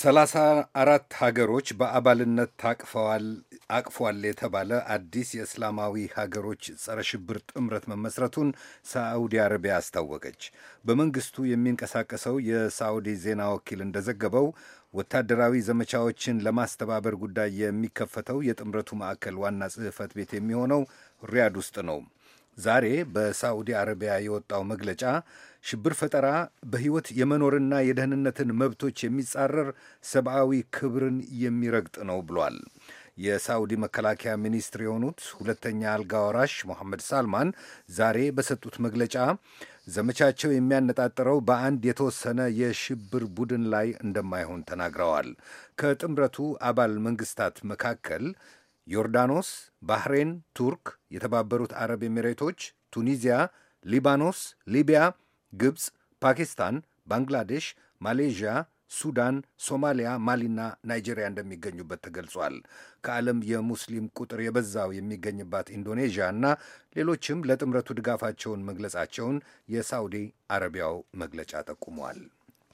ሰላሳ አራት ሀገሮች በአባልነት ታቅፈዋል አቅፏል የተባለ አዲስ የእስላማዊ ሀገሮች ጸረ ሽብር ጥምረት መመስረቱን ሳዑዲ አረቢያ አስታወቀች። በመንግስቱ የሚንቀሳቀሰው የሳዑዲ ዜና ወኪል እንደዘገበው ወታደራዊ ዘመቻዎችን ለማስተባበር ጉዳይ የሚከፈተው የጥምረቱ ማዕከል ዋና ጽህፈት ቤት የሚሆነው ሪያድ ውስጥ ነው። ዛሬ በሳዑዲ አረቢያ የወጣው መግለጫ ሽብር ፈጠራ በሕይወት የመኖርና የደህንነትን መብቶች የሚጻረር ሰብአዊ ክብርን የሚረግጥ ነው ብሏል። የሳዑዲ መከላከያ ሚኒስትር የሆኑት ሁለተኛ አልጋ ወራሽ ሞሐመድ ሳልማን ዛሬ በሰጡት መግለጫ ዘመቻቸው የሚያነጣጥረው በአንድ የተወሰነ የሽብር ቡድን ላይ እንደማይሆን ተናግረዋል። ከጥምረቱ አባል መንግስታት መካከል ዮርዳኖስ፣ ባህሬን፣ ቱርክ፣ የተባበሩት አረብ ኤሚሬቶች፣ ቱኒዚያ፣ ሊባኖስ፣ ሊቢያ፣ ግብፅ፣ ፓኪስታን፣ ባንግላዴሽ፣ ማሌዥያ፣ ሱዳን፣ ሶማሊያ፣ ማሊና ናይጄሪያ እንደሚገኙበት ተገልጿል። ከዓለም የሙስሊም ቁጥር የበዛው የሚገኝባት ኢንዶኔዥያ እና ሌሎችም ለጥምረቱ ድጋፋቸውን መግለጻቸውን የሳውዲ አረቢያው መግለጫ ጠቁሟል።